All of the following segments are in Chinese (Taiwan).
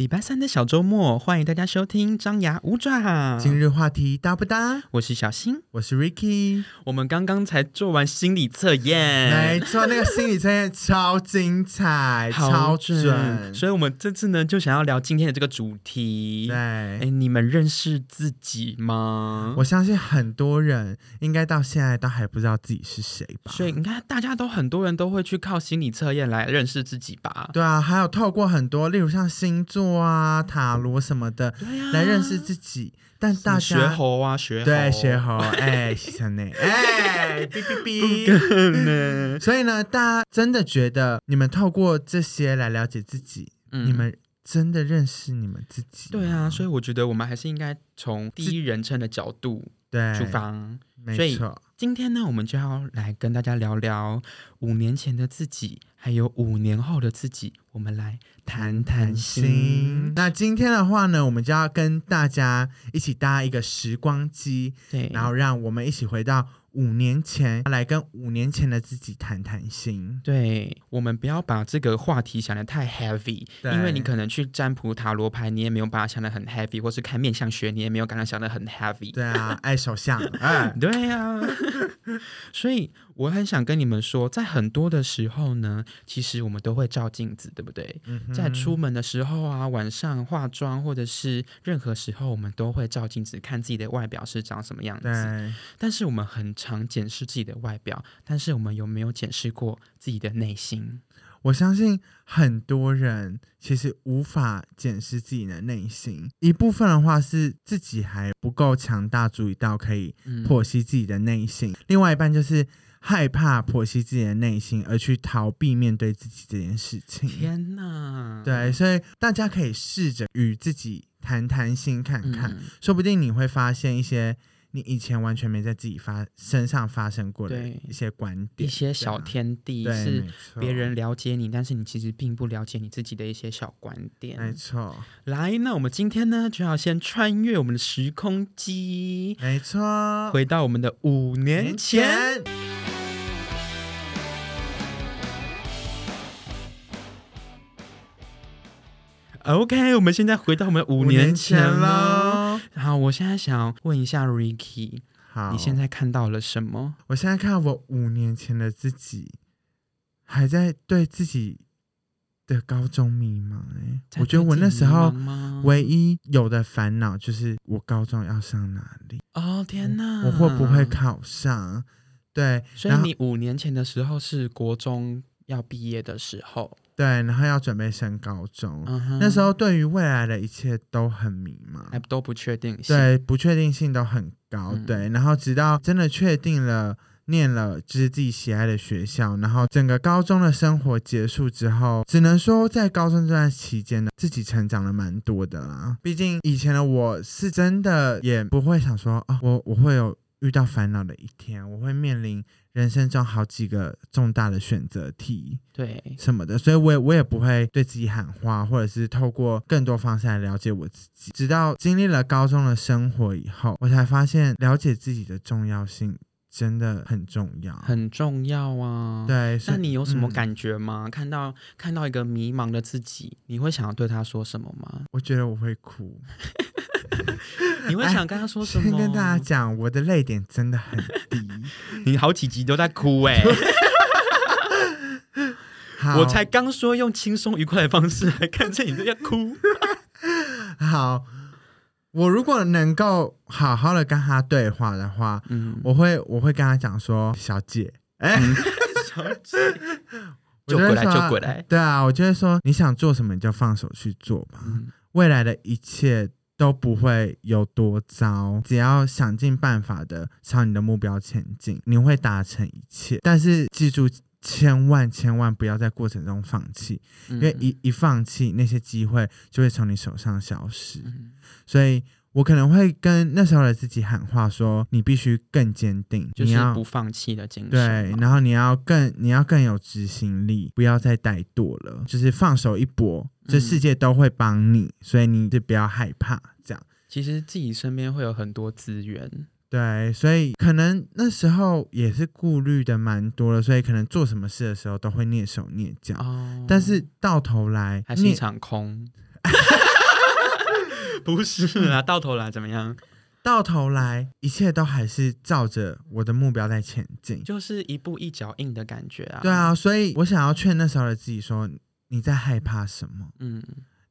禮拜三的小周末，歡迎大家收聽《張牙舞爪》。今日話題搭不搭？我是小新，我是 Ricky。我們剛剛才做完心理測驗，沒錯，那個心理測驗超精彩， 超準。超準。所以，我們這次呢，就想要聊今天的這個主題。對，哎，你們認識自己嗎？我相信很多人應該到現在都還不知道自己是誰吧。所以，你看，大家都很多人都會去靠心理測驗來認識自己吧？對啊，還有透過很多，例如像星座。哇，塔羅什麼的，對呀，來認識自己。啊、但大家學猴啊，學對學猴，哎、 欸，西城呢？哎、 欸，嗶嗶嗶，不可能。所以呢，大家真的覺得你們透過這些來了解自己，嗯、你們真的認識你們自己？對啊，所以我覺得我們還是應該從第一人稱的角度對，廚房，沒錯。今天呢，我們就要來跟大家聊聊五年前的自己，還有五年後的自己。我們來談談心、心。那今天的話呢，我們就要跟大家一起搭一個時光機，對，然後讓我們一起回到。五年前來跟五年前的自己談談心，對，我們不要把這個話題想得太 heavy，因為你可能去占卜塔羅牌，你也沒有把它想得很 heavy，或是看面相學，你也沒有感覺想得很 heavy 對、啊 首相 哎。對啊，愛手相，嗯，對呀，所以。我很想跟你們說，在很多的時候呢，其實我們都會照鏡子，對不對？嗯、在出門的時候啊，晚上化妝，或者是任何時候，我們都會照鏡子看自己的外表是長什麼樣子。但是我們很常檢視自己的外表，但是我們有沒有檢視過自己的內心？我相信很多人其實無法檢視自己的內心。一部分的話是自己還不夠強大，足以到可以剖析自己的內心、嗯，另外一半就是。害怕剖析自己的內心，而去逃避面對自己這件事情。天哪！對，所以大家可以試着與自己談談心，看看、嗯，說不定你會發現一些你以前完全沒在自己發身上發生過的一些觀點、嗯，一些小天地是別人了解你，但是你其實並不了解你自己的一些小觀點。沒錯。來，那我們今天呢，就要先穿越我們的時空機，沒錯，回到我們的五年前。年前 OK，我們現在回到我們五年前了。五年前咯。好，我現在想問一下 Ricky，好，你現在看到了什麼？我現在看我五年前的自己，還在對自己的高中迷茫、欸。哎，我覺得我那時候唯一有的煩惱就是我高中要上哪裡？哦，天哪！我，我會不會考上？對，所以你五年前的時候是國中要畢業的時候。對，然後要準備升高中，uh-huh，那時候對於未來的一切都很迷茫，都不確定性，對，不確定性都很高，嗯。對，然後直到真的確定了，念了就是自己喜愛的學校，然後整個高中的生活結束之後，只能說在高中這段期間呢，自己成長了蠻多的啦。畢竟以前的我是真的也不會想說，啊，我我會有遇到煩惱的一天，我會面臨。人生中好幾個重大的選擇題，對，對什麼的，所以我也我也不會對自己喊話，或者是透過更多方式來了解我自己。直到經歷了高中的生活以後，我才發現了解自己的重要性真的很重要，很重要啊。對，那你有什麼感覺嗎？嗯，看到看到一個迷茫的自己，你會想要對他說什麼嗎？我覺得我會哭。 你會想跟他說什麼？哎、先跟大家講，我的淚點真的很低。 你好幾集都在哭哎、欸！ 我才剛說用輕鬆愉快的方式來看見你，都要哭。 好，我如果能夠好好的跟他對話的話，嗯、我會我會跟他講說，小姐，哎、嗯， 小姐， 就過來就過來。對啊，我就會說，你想做什麼，你就放手去做吧。嗯、未來的一切。都不會有多糟，只要想盡辦法的朝你的目標前進，你會達成一切。但是記住，千萬千萬不要在過程中放棄，因為一一放棄，那些機會就會從你手上消失。所以。我可能會跟那時候的自己喊話說，說你必須更堅定，就是不放棄的精神、哦。對，然後你要更，你要更有執行力，不要再怠惰了，就是放手一搏，這世界都會幫你，嗯、所以你就不要害怕這樣。其實自己身邊會有很多資源，對，所以可能那時候也是顧慮的蠻多的，所以可能做什麼事的時候都會躡手躡腳。哦，但是到頭來還是一場空。 不是啊， 到頭來怎麼樣？ 到頭來一切都還是照着我的目標在前進，就是一步一腳印的感覺啊。對啊，所以我想要勸那時候的自己說：你在害怕什麼？嗯，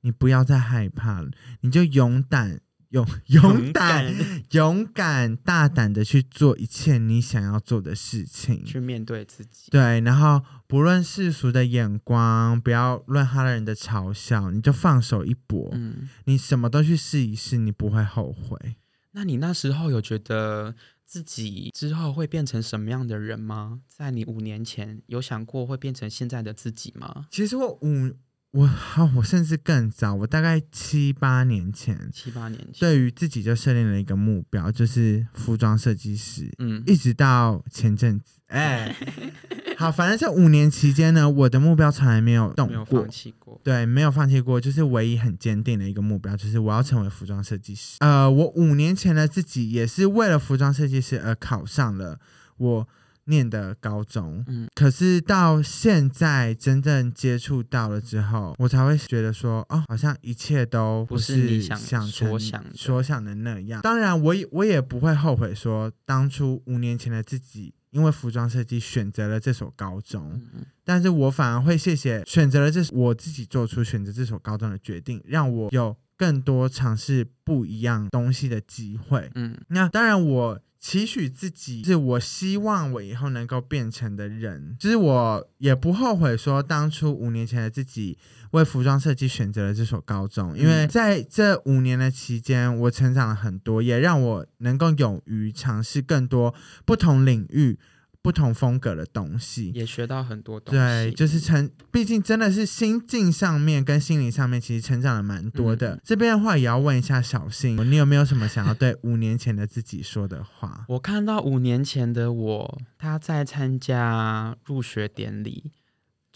你不要再害怕了，你就勇敢。勇勇敢勇敢，勇敢， 勇敢大膽的去做一切你想要做的事情，去面對自己。對，然後不論世俗的眼光，不要論他人的嘲笑，你就放手一搏。嗯，你什麼都去試一試，你不會後悔。那你那時候有覺得自己之後會變成什麼樣的人嗎？在你五年前有想過會變成現在的自己嗎？其實我五。我好、哦，我甚至更早，我大概七八年前，七八年前，對於自己就設定了一個目標，就是服裝設計師。嗯，一直到前陣子，哎、欸， 好，反正這五年期間呢，我的目標從來沒有動過，沒有放棄過，對，沒有放棄過，就是唯一很堅定的一個目標，就是我要成為服裝設計師。呃，我五年前的自己也是為了服裝設計師而考上了我念的高中，嗯，可是到現在真正接觸到了之後，我才會覺得說，哦，好像一切都不是，不是你想所想所想的，的那樣。當然我，我我也不會後悔說，當初五年前的自己因為服裝設計選擇了這所高中，嗯，但是我反而會謝謝選擇了這我自己做出選擇這所高中的決定，讓我有更多嘗試不一樣東西的機會。嗯，那當然我。期許自己，是我希望我以後能夠變成的人。其實我也不後悔說，當初五年前的自己為服裝設計選擇了這所高中，因為在這五年的期間，我成長了很多，也讓我能夠勇於嘗試更多不同領域。不同風格的東西，也學到很多東西。對，就是成，畢竟真的是心境上面跟心理上面，其實成長了蠻多的。嗯、這邊的話，也要問一下小新，你有沒有什麼想要對五年前的自己說的話？ 我看到五年前的我，他在參加入學典禮。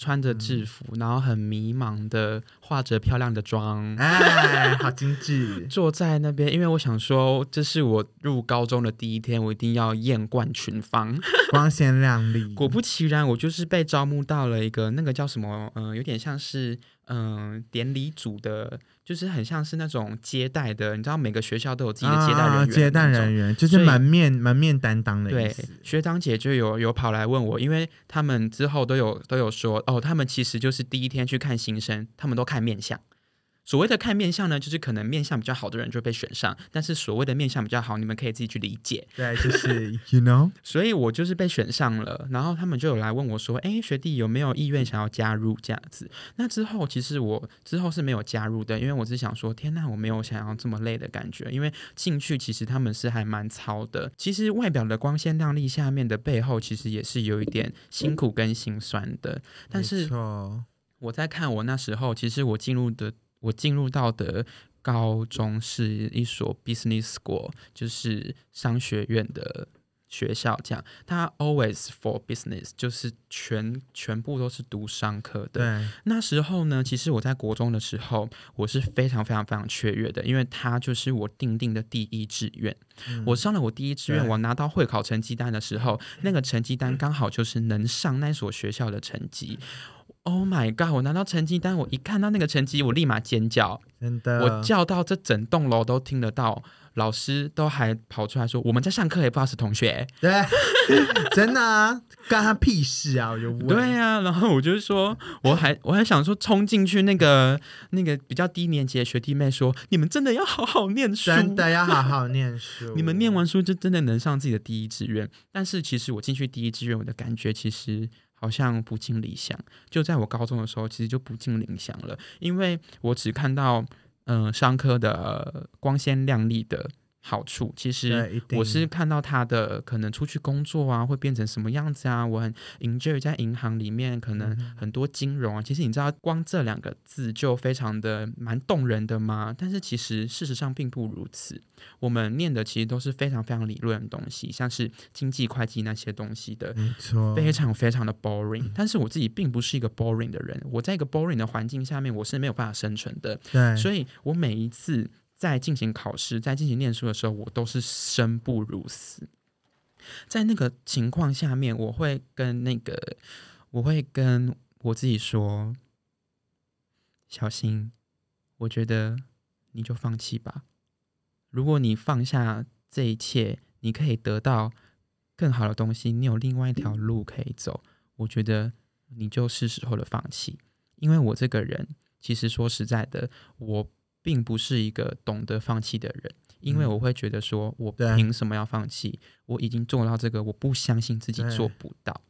穿着制服、嗯，然後很迷茫的化着漂亮的妝，哎，好精緻！ 坐在那邊，因為我想說，這是我入高中的第一天，我一定要豔冠群芳， 光鮮亮麗。 果不其然，我就是被招募到了一個那個叫什麼，嗯、呃，有點像是。嗯，典禮組的，就是很像是那種接待的，你知道，每個學校都有自己的接待人員的、啊、接待人員，就是滿面滿面擔當的意思。對，學長姐就有有跑來問我，因為他們之後都有都有說，哦，他們其實就是第一天去看新生，他們都看面相。所謂的看面相呢，就是可能面相比較好的人就被選上，但是所謂的面相比較好，你們可以自己去理解。對，就是 you know。所以我就是被選上了，然後他們就有來問我說：“欸，學弟有沒有意願想要加入這樣子？”那之後其實我之後是沒有加入的，因為我只想說：“天哪，我沒有想要這麼累的感覺。”因為進去其實他們是還蠻操的。其實外表的光鮮亮麗下面的背後，其實也是有一點辛苦跟心酸的。但是我在看我那時候，其實我進入的。我進入到的高中是一所 business school，就是商學院的學校。這樣，他 always for business，就是全全部都是讀商科的。對。那時候呢，其實我在國中的時候，我是非常非常非常雀躍的，因為它就是我定定的第一志願。嗯，我上了我第一志願，我拿到會考成績單的時候，那個成績單剛好就是能上那所學校的成績。Oh my god！我拿到成績單，但我一看到那個成績，我立馬尖叫，真的，我叫到這整棟樓都聽得到，老師都還跑出來說我們在上課，也不好是同學，對， 真的，啊，幹他屁事啊！我就問對呀，啊，然後我就是說，我還我還想說衝進去那個 那個比較低年級的學弟妹說，你們真的要好好唸書，啊，真的要好好唸書，啊，你們唸完書就真的能上自己的第一志願。但是其實我進去第一志願，我的感覺其實。好像不盡理想，就在我高中的時候，其實就不盡理想了，因為我只看到，嗯、呃，商科的光鮮亮麗的。好處其實，我是看到他的可能出去工作啊，會變成什麼樣子啊？我很 enjoy 在銀行裡面，可能很多金融啊。其實你知道，光這兩個字就非常的蠻動人的嘛。但是其實事實上並不如此。我們念的其實都是非常非常理論的東西，像是經濟會計那些東西的，沒錯，非常非常的 boring。但是我自己並不是一個 boring 的人，我在一個 boring 的環境下面，我是沒有辦法生存的。對，所以我每一次。在進行考試，在進行念書的時候，我都是生不如死。在那個情況下面，我會跟那個，我會跟我自己說：“小新，我覺得你就放棄吧。如果你放下這一切，你可以得到更好的東西，你有另外一條路可以走。我覺得你就是時候的放棄。因為我這個人，其實說實在的，我。”並不是一個懂得放棄的人，因為我會覺得說，我憑什麼要放棄，嗯？我已經做到這個，我不相信自己做不到。欸、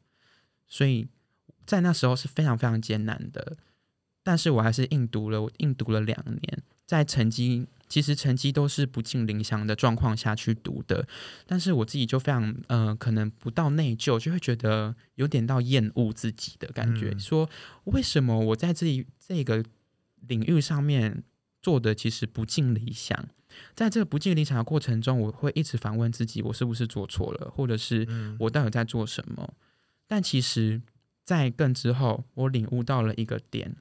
所以在那時候是非常非常艱難的，但是我還是硬讀了，我硬讀了兩年，在成績其實成績都是不盡理想的狀況下去讀的，但是我自己就非常嗯、呃，可能不到內疚，就會覺得有點到厭惡自己的感覺，嗯，說為什麼我在自己這個領域上面，做的其實不盡理想，在這個不盡理想的過程中，我會一直反問自己，我是不是做錯了，或者是我到底在做什麼？嗯。但其實，在更之後，我領悟到了一個點：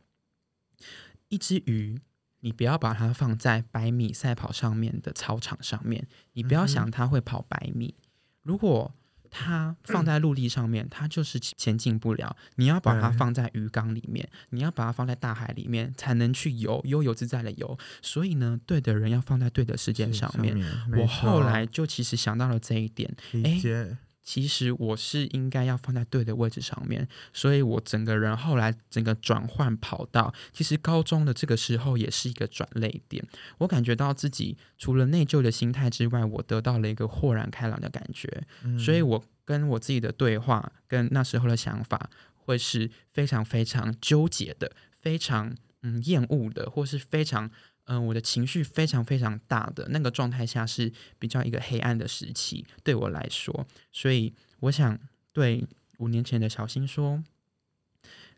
一隻魚，你不要把它放在百米賽跑上面的操場上面，你不要想它會跑百米。嗯。如果它放在陸地上面，它 就是前進不了。你要把它放在魚缸裡面，哎、你要把它放在大海裡面，才能去游悠游自在的游。所以呢，對的人要放在對的時間上面。上面我後來就其實想到了這一點。理解。其實我是應該要放在對的位置上面，所以我整個人後來整個轉換跑道。其實高中的這個時候也是一個轉捩點，我感覺到自己除了內疚的心態之外，我得到了一個豁然開朗的感覺。嗯、所以我跟我自己的對話，跟那時候的想法，會是非常非常糾結的，非常嗯厭惡的，或是非常。嗯，我的情緒非常非常大的那個狀態下是比較一個黑暗的時期對我來說，所以我想對五年前的小新說，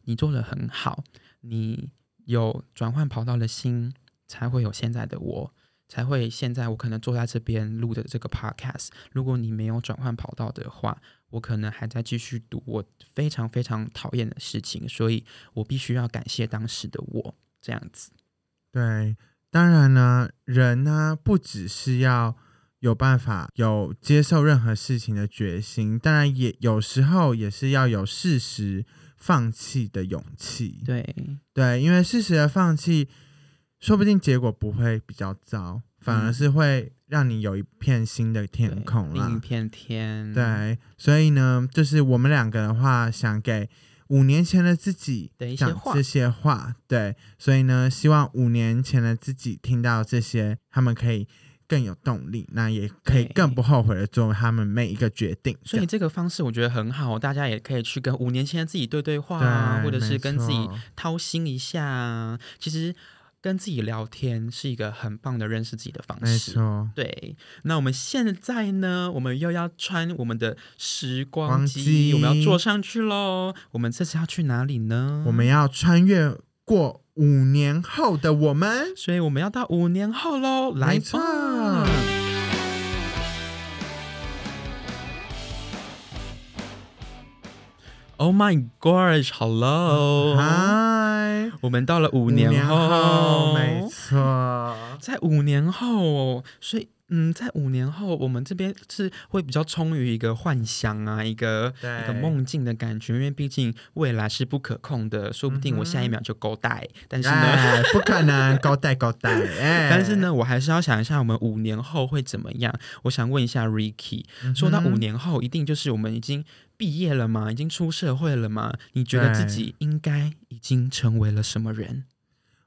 你做得很好，你有轉換跑道的心，才會有現在的我，才會現在我可能坐在這邊錄的這個 podcast。如果你沒有轉換跑道的話，我可能還在繼續讀我非常非常討厭的事情，所以我必須要感謝當時的我這樣子，對。當然呢，人呢、啊、不只是要有辦法有接受任何事情的決心，當然也有時候也是要有適時放棄的勇氣。對對，因為適時的放棄，說不定結果不會比較糟，反而是會讓你有一片新的天空。另一片天。對，所以呢，就是我們兩個的話，想給。五年前的自己講這些話，一些話，對，所以呢，希望五年前的自己聽到這些，他們可以更有動力，那也可以更不後悔的做他們每一個決定。所以這個方式我覺得很好，大家也可以去跟五年前的自己對對話啊，或者是跟自己掏心一下。其實。跟自己聊天是一個很棒的認識自己的方式。沒錯，對。那我們現在呢？我們又要穿我們的時光機，我們要坐上去嘍。我們這次要去哪裡呢？我們要穿越過五年後的我們，所以我們要到五年後嘍。來吧。Oh my gosh! Hello, oh, Hi! 我們到了五年後，五年後，沒錯，在五年後，所以。嗯，在五年後，我們這邊是會比較充於一個幻想啊，一個一個夢境的感覺，因為畢竟未來是不可控的，嗯、說不定我下一秒就狗帶，但是呢，哎、不可能狗帶狗帶，但是呢，我還是要想一下我們五年後會怎麼樣。我想問一下 Ricky，、嗯、說到五年後，一定就是我們已經畢業了嘛，已經出社會了嘛？你覺得自己應該已經成為了什麼人？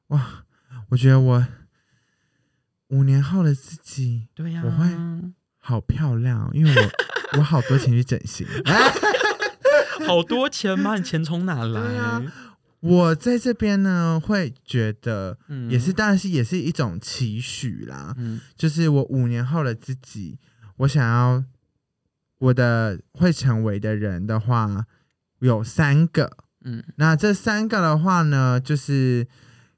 哇，我覺得我。嗯五年後的自己，對呀、啊，我會好漂亮、喔，因為我我好多錢去整形， 好多錢嗎？你錢從哪來？啊，我在這邊呢，會覺得也是，嗯、但是也是一種期許啦。嗯，就是我五年後的自己，我想要我的會成為的人的話，有三個。嗯，那這三個的話呢，就是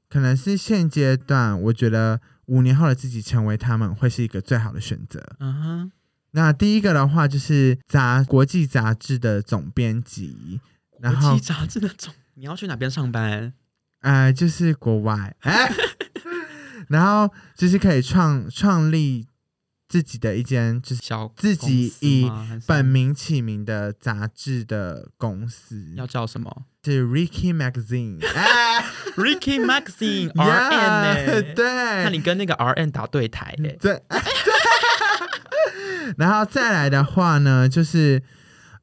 可能是現階段我覺得。五年後的自己成為他們會是一個最好的選擇。嗯、uh、哼 -huh，那第一個的話就是雜國際雜誌的總編輯，然後國際雜誌的總，你要去哪邊上班？欸？哎、呃，就是國外。欸、 然後就是可以創創立自己的一間就是小自己以本名起名的雜誌的公司，公司，要叫什麼？The Ricky Magazine。欸。 Ricky Maxine R N 呢？對，那你跟那個 R N 打對台呢、欸？對，對 然後再來的話呢，就是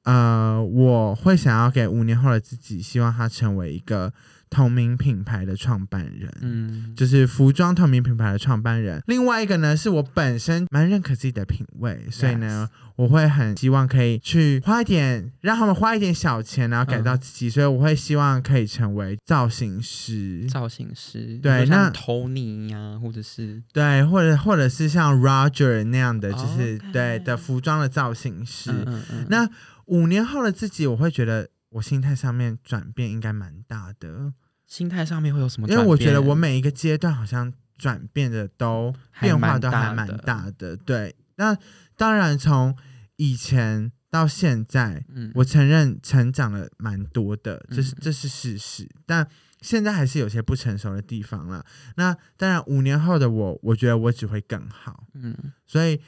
呃，我會想要給五年後的自己，希望他成為一個。同名品牌的創辦人，嗯，就是服裝同名品牌的創辦人。另外一個呢，是我本身蠻認可自己的品味，所以呢、yes，我會很希望可以去花一點，讓他們花一點小錢，然後改造自己。嗯、所以我會希望可以成為造型師。造型師，對，那 Tony 呀、啊，或者是對，或者或者是像 Roger 那樣的，就是、okay、對的服裝的造型師。嗯嗯嗯，那五年後的自己，我會覺得。我心態上面轉變應該蠻大的，心態上面會有什麼？因為我覺得我每一個階段好像轉變的都變化都還蠻大的。對，那當然從以前到現在，嗯，我承認成長了蠻多的，這是這是事實，嗯。但現在還是有些不成熟的地方了。那當然，五年後的我，我覺得我只會更好。嗯，所以。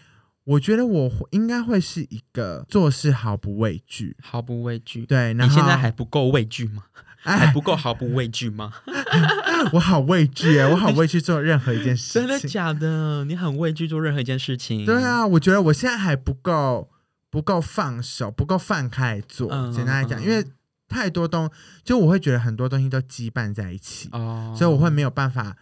我覺得我應該會是一個做事毫不畏懼，毫不畏懼。對，你現在還不夠畏懼嗎？還不夠毫不畏懼嗎？ 我好畏懼哎，我好畏懼我好畏懼做任何一件事情。真 的假的？你很畏懼做任何一件事情？對啊，我覺得我現在還不夠，不夠放手，不夠放開做，嗯。簡單來講，嗯，因為太多東西，就我會覺得很多東西都羈絆在一起，哦，所以我會沒有辦法。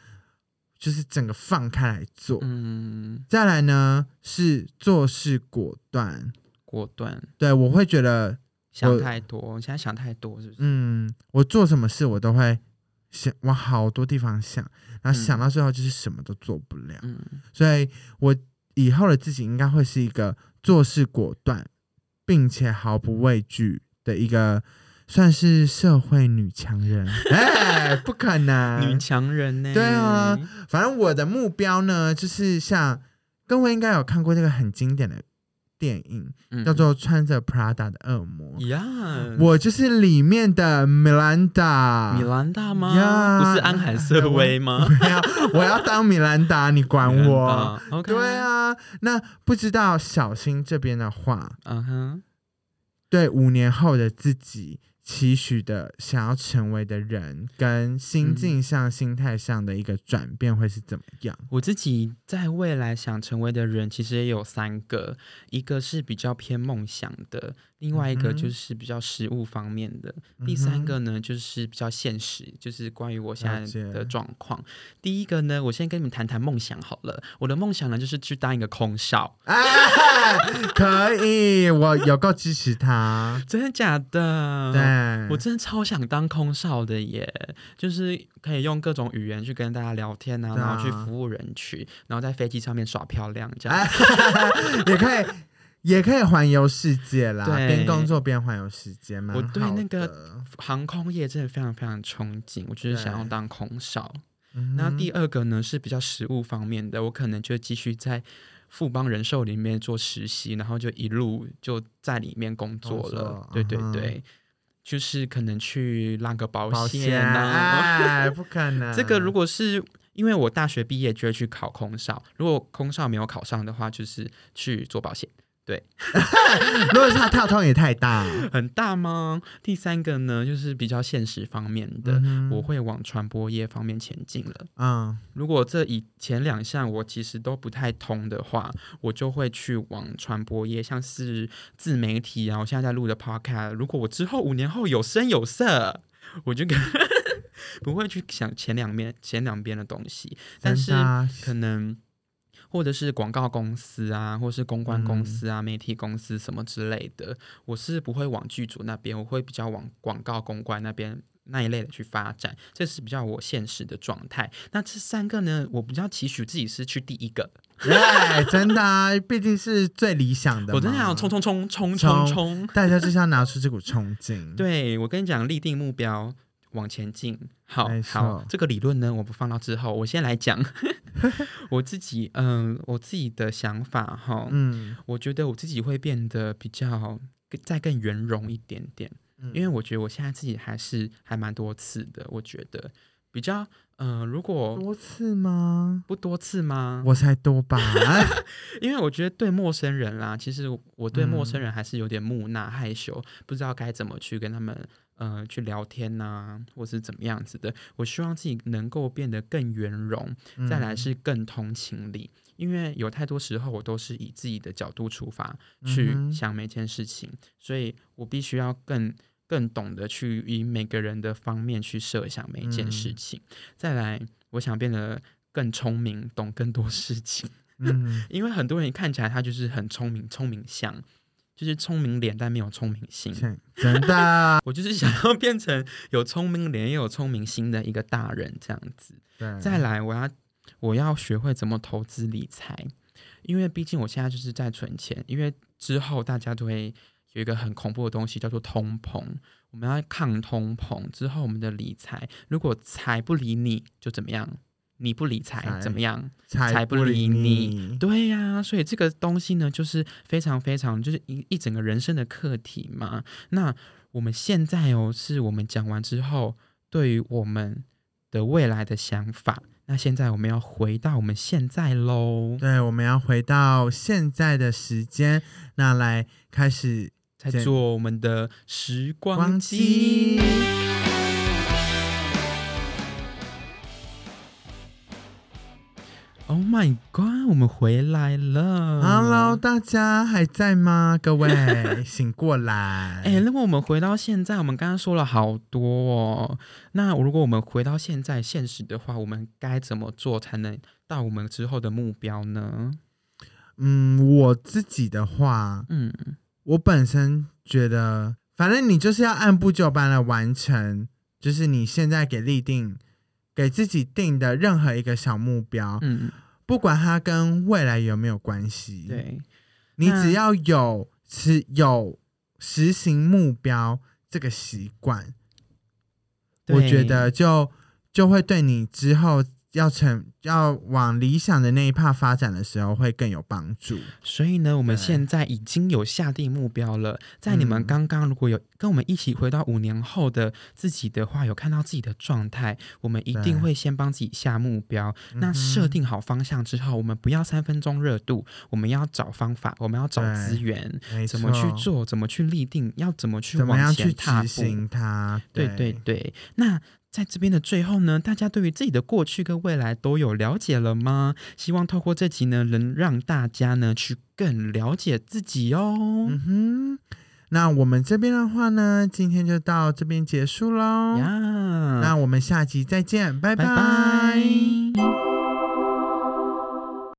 就是整個放開來做，嗯、再來呢是做事果斷，果斷。對，我會覺得想太多，我現在想太多，是不是？嗯，我做什麼事我都會想往好多地方想，然後想到最後就是什麼都做不了、嗯。所以我以後的自己應該會是一個做事果斷，並且毫不畏懼的一個。算是社會女強人，哎、 欸，不可能，女強人呢、欸？對啊，反正我的目標呢，就是像各位應該有看過那個很經典的電影、嗯，叫做《穿着 Prada 的惡魔》。Yeah, 我就是裡面的米蘭達,米蘭達。米蘭達嗎？Yeah, 不是安海瑟薇嗎？Yeah, 要，我要當米蘭達， 你管我、okay、對啊。那不知道小新這邊的話，啊、uh、哼 -huh，對，五年後的自己。期許的想要成為的人，跟心境上、嗯、心態上的一個轉變會是怎麼樣？我自己在未來想成為的人，其實也有三個，一個是比較偏夢想的。另外一個就是比較實務方面的、嗯，第三個呢就是比較現實，就是關於我現在的狀況。第一個呢，我先跟你們談談夢想好了。我的夢想呢，就是去當一個空少。哎、 可以，我有夠支持他。真的假的？對，我真的超想當空少的耶，就是可以用各種語言去跟大家聊天啊，然後去服務人群，然後在飛機上面耍漂亮這樣，哎、 也可以。 也可以環遊世界啦，對，邊工作邊環遊世界嘛。我對那個航空業真的非常非常憧憬，我就是想要當空少。那第二個呢是比較實務方面的、嗯，我可能就繼續在富邦人壽裡面做實習，然後就一路就在裡面工作了。作對對對、嗯，就是可能去拉個保險啊，險哎、 不可能。這個如果是因為我大學畢業就會去考空少，如果空少沒有考上的話，就是去做保險。對 ，如果是他跳通也太大， 很大嗎？第三個呢，就是比較現實方面的，uh -huh. 我會往傳播業方面前進了。啊、uh -huh.，如果這以前兩項我其實都不太通的話，我就會去往傳播業，像是自媒體，然後我現在在錄的 podcast，如果我之後五年後有聲有色，我就可能 不會去想前兩面前兩邊的東西，但是可能。或者是廣告公司啊，或是公關公司啊，嗯，媒體公司什麼之類的，我是不會往劇組那邊，我會比較往廣告公關那邊那一類的去發展，這是比較我現實的狀態。那這三個呢，我比較期許自己是去第一個，唉 真的，啊，畢竟是最理想的。我真的想衝，衝衝衝衝衝衝，大家就是要拿出這股衝勁。 對，我跟你講，立定目標。往前進，好好，這個理論呢，我不放到之後，我先來講我自己，嗯、呃，我自己的想法哈，嗯，我覺得我自己會變得比較再更圓融一點點，因為我覺得我現在自己還是還蠻多次的，我覺得比較，嗯、呃，如果多次嗎？不多次嗎？我才多吧， 因為我覺得對陌生人啦，其實我對陌生人還是有點木訥、嗯、害羞，不知道該怎麼去跟他們。呃，去聊天吶、啊，或是怎麼樣子的？我希望自己能夠變得更圓融，再來是更通情理、嗯。因為有太多時候，我都是以自己的角度出發去想每件事情，嗯、所以我必須要更更懂得去以每個人的方面去設想每件事情、嗯。再來，我想變得更聰明，懂更多事情。 因為很多人看起來他就是很聰明，聰明相。就是聰明臉，但沒有聰明心，真的。 我就是想要變成有聰明臉又有聰明心的一個大人這樣子。對，再來，我要我要學會怎麼投資理財，因為畢竟我現在就是在存錢，因為之後大家都會有一個很恐怖的東西叫做通膨，我們要抗通膨。之後我們的理財，如果財不理你就怎麼樣？你不理財怎麼樣？財不，不理你，對呀、啊。所以這個東西呢，就是非常非常，就是一一整個人生的課題嘛。那我們現在哦，是我們講完之後對於我們的未來的想法。那現在我們要回到我們現在嘍。對，我們要回到現在的時間，那來開始在做我們的時光機。光機 Oh my god！我們回來了，Hello，大家還在嗎？各位 醒過來。哎、欸，那麼我們回到現在，我們剛剛說了好多哦。那如果我們回到現在現實的話，我們該怎麼做才能到我們之後的目標呢？嗯，我自己的話，嗯，我本身覺得，反正你就是要按部就班的完成，就是你現在給立定。給自己定的任何一個小目標，嗯，不管它跟未來有沒有關係，對，你只要有持有實行目標這個習慣，我覺得就就會對你之後要成，要往理想的那一趴發展的時候，會更有幫助。所以呢，我們現在已經有下定目標了。在你們剛剛如果有跟我們一起回到五年後的自己的話，有看到自己的狀態，我們一定會先幫自己下目標。那設定好方向之後，我們不要三分鐘熱度，我們要找方法，我們要找資源，怎麼去做，怎麼去立定，要怎麼去往前怎麼樣去踏行它。對。對對對。那在這邊的最後呢，大家對於自己的過去跟未來都有了解了嗎？希望透過這集呢，能讓大家呢去更了解自己哦。嗯哼，那我們這邊的話呢，今天就到這邊結束嘍、yeah。那我們下集再見，拜拜。Bye bye